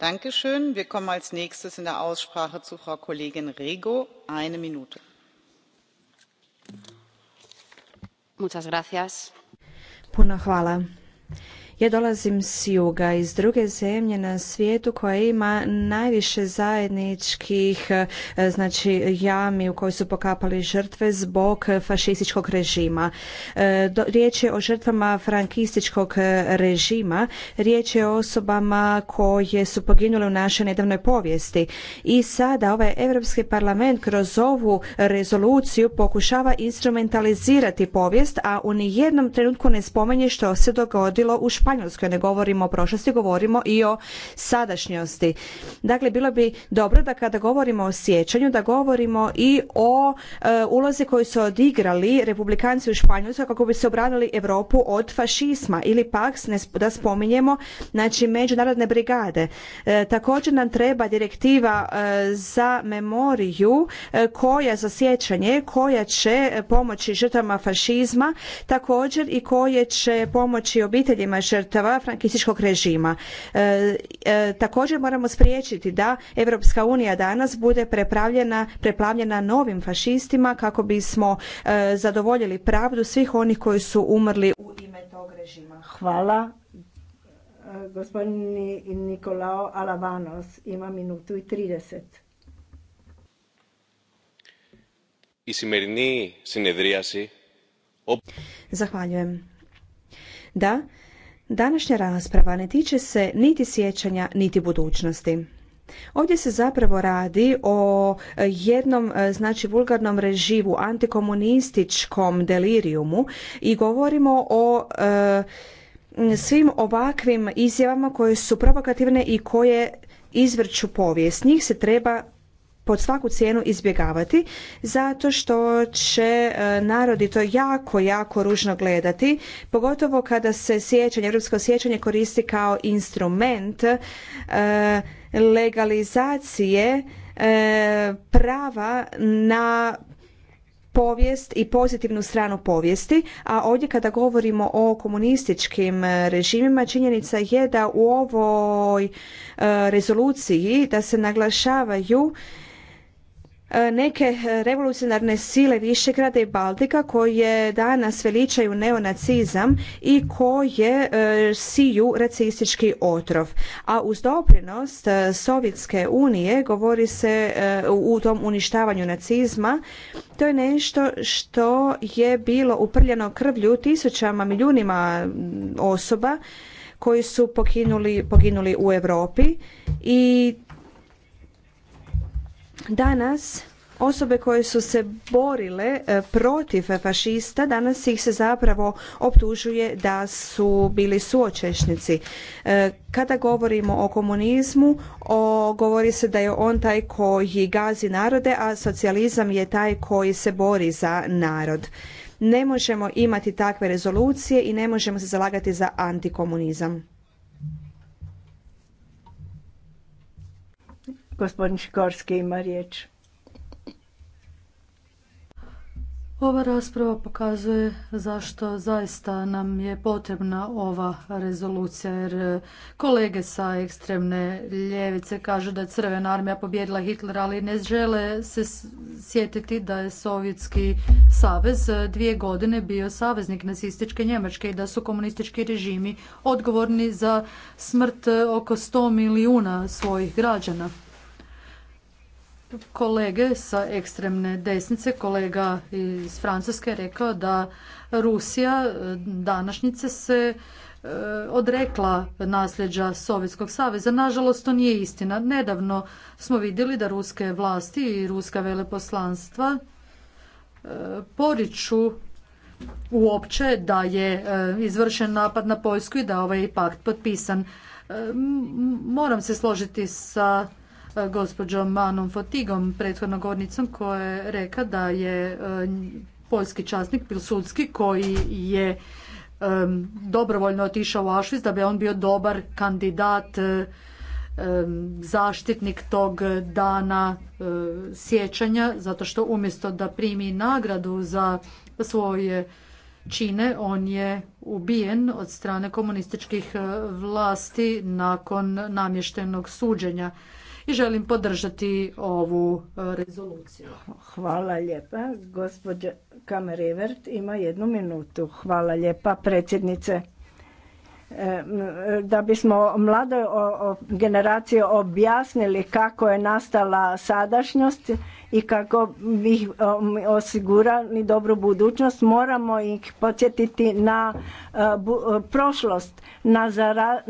danke schön. wir kommen als nächstes in der aussprache zu frau kollegin rego eine minute. Puno hvala. Ja dolazim s juga, iz druge zemlje na svijetu koja ima najviše zajedničkih e, znači jami u kojoj su pokapali žrtve zbog fašističkog režima. E, riječ je o žrtvama frankističkog e, režima, riječ je o osobama koje su poginule u našoj nedavnoj povijesti. I sada ovaj Europski parlament kroz ovu rezoluciju pokušava instrumentalizirati povijest, a u nijednom trenutku ne spominje što se dogodilo u Španjolskoj, ne govorimo o prošlosti, govorimo i o sadašnjosti. Dakle, bilo bi dobro da kada govorimo o sjećanju, da govorimo i o e, ulozi koji su odigrali republikanci u Španjolskoj kako bi se obranili Europu od fašizma ili pak da spominjemo znači međunarodne brigade. E, također nam treba direktiva e, za memoriju koja za sjećanje, koja će pomoći žrtvama fašizma, također i koje će pomoći obiteljima žrtvama žrtava frankističkog režima. E, e, također moramo spriječiti da Europska unija danas bude prepravljena, preplavljena novim fašistima kako bismo e, zadovoljili pravdu svih onih koji su umrli u ime tog režima. Hvala. Gospodin Nikolao Alavanos ima minutu i 30. Zahvaljujem. Da, Današnja rasprava ne tiče se niti sjećanja, niti budućnosti. Ovdje se zapravo radi o e, jednom e, znači vulgarnom reživu, antikomunističkom delirijumu i govorimo o e, svim ovakvim izjavama koje su provokativne i koje izvrću povijest. Njih se treba pod svaku cijenu izbjegavati zato što će e, narodi to jako, jako ružno gledati, pogotovo kada se sjećanje, europsko sjećanje koristi kao instrument e, legalizacije e, prava na povijest i pozitivnu stranu povijesti, a ovdje kada govorimo o komunističkim režimima, činjenica je da u ovoj rezoluciji da se naglašavaju E, neke e, revolucionarne sile Višegrada i Baltika koje danas veličaju neonacizam i koje e, siju racistički otrov. A uz doprinost Sovjetske unije govori se u tom uništavanju nacizma to je nešto što je bilo uprljeno krvlju tisućama milijunima osoba koji su poginuli u Europi i danas osobe koje su se borile e, protiv fašista, danas ih se zapravo optužuje da su bili suočešnici. E, kada govorimo o komunizmu, govori se da je on taj koji gazi narode, a socijalizam je taj koji se bori za narod. Ne možemo imati takve rezolucije i ne možemo se zalagati za antikomunizam. Gospodin Šikorski ima riječ. Ova rasprava pokazuje zašto zaista nam je potrebna ova rezolucija jer kolege sa ekstremne ljevice kažu da je crvena armija pobjedila Hitlera, ali ne žele se sjetiti da je Sovjetski savez dvije godine bio saveznik nacističke Njemačke i da su komunistički režimi odgovorni za smrt oko 100 milijuna svojih građana kolege sa ekstremne desnice, kolega iz Francuske je rekao da Rusija e, današnjice se e, odrekla nasljeđa Sovjetskog saveza. Nažalost, to nije istina. Nedavno smo vidjeli da ruske vlasti i ruska veleposlanstva e, poriču uopće da je izvršen napad na Poljsku i da ovaj pakt potpisan. Moram se složiti sa gospođom Manom Fotigom, prethodno govornicom koja je reka da je e, poljski časnik Pilsudski koji je e, dobrovoljno otišao u Auschwitz da bi on bio dobar kandidat e, zaštitnik tog dana sjećanja zato što umjesto da primi nagradu za svoje čine on je ubijen od strane komunističkih vlasti nakon namještenog suđenja i želim podržati ovu e, rezoluciju. Hvala lijepa. Gospođa Kamerivert ima jednu minutu. Hvala lijepa predsjednice da bismo mladoj generaciji objasnili kako je nastala sadašnjost i kako bi um, osigurali dobru budućnost moramo ih podsjetiti na uh, uh, prošlost,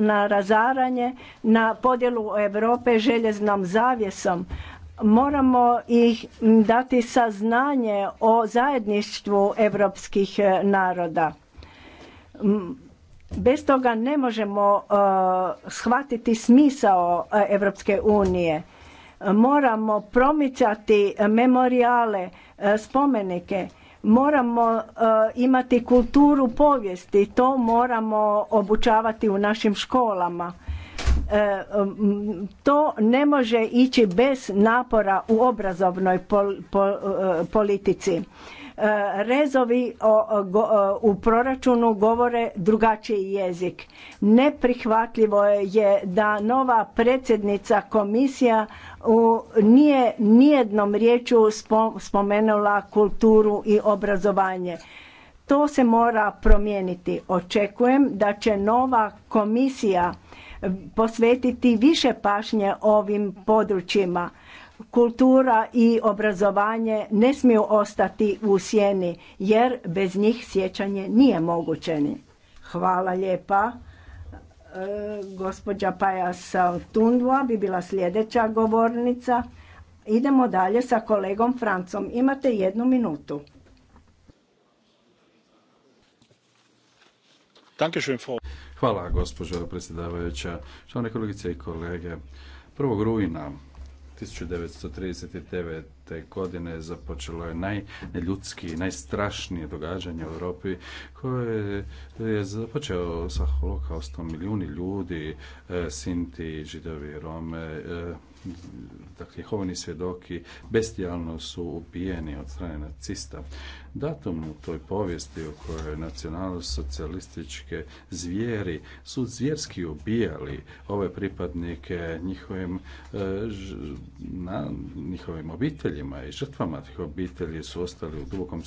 na razaranje, na podjelu Europe željeznom zavjesom. Moramo ih dati saznanje o zajedništvu europskih eh, naroda Bez toga ne možemo uh, shvatiti smisao uh, Europske unije. Moramo promicati memorijale, uh, spomenike, moramo imati kulturu povijesti, to moramo obučavati u našim školama. To ne može ići bez napora u obrazovnoj politici rezovi u proračunu govore drugačiji jezik. Neprihvatljivo je da nova predsjednica komisija nije nijednom riječu spomenula kulturu i obrazovanje. To se mora promijeniti. Očekujem da će nova komisija posvetiti više pažnje ovim područjima Kultura i obrazovanje ne smiju ostati u sjeni jer bez njih sjećanje nije moguće. Hvala lijepa. E, gospođa Paja Tundva bi bila sljedeća govornica. Idemo dalje sa kolegom Francom. Imate jednu minutu. Hvala gospođo predsjedavajuća. kolegice i kolege, prvog rujna 1939. godine započelo je najljudski, najstrašnije događanje u Europi koje je započeo sa holokaustom milijuni ljudi, e, Sinti, Židovi, Rome, e, dakle, hovani svjedoki bestijalno su ubijeni od strane nacista. Datum u toj povijesti u kojoj nacionalno-socijalističke zvijeri su zvjerski ubijali ove pripadnike njihovim, e, na, njihovim obiteljima i žrtvama tih obitelji su ostali u dubokom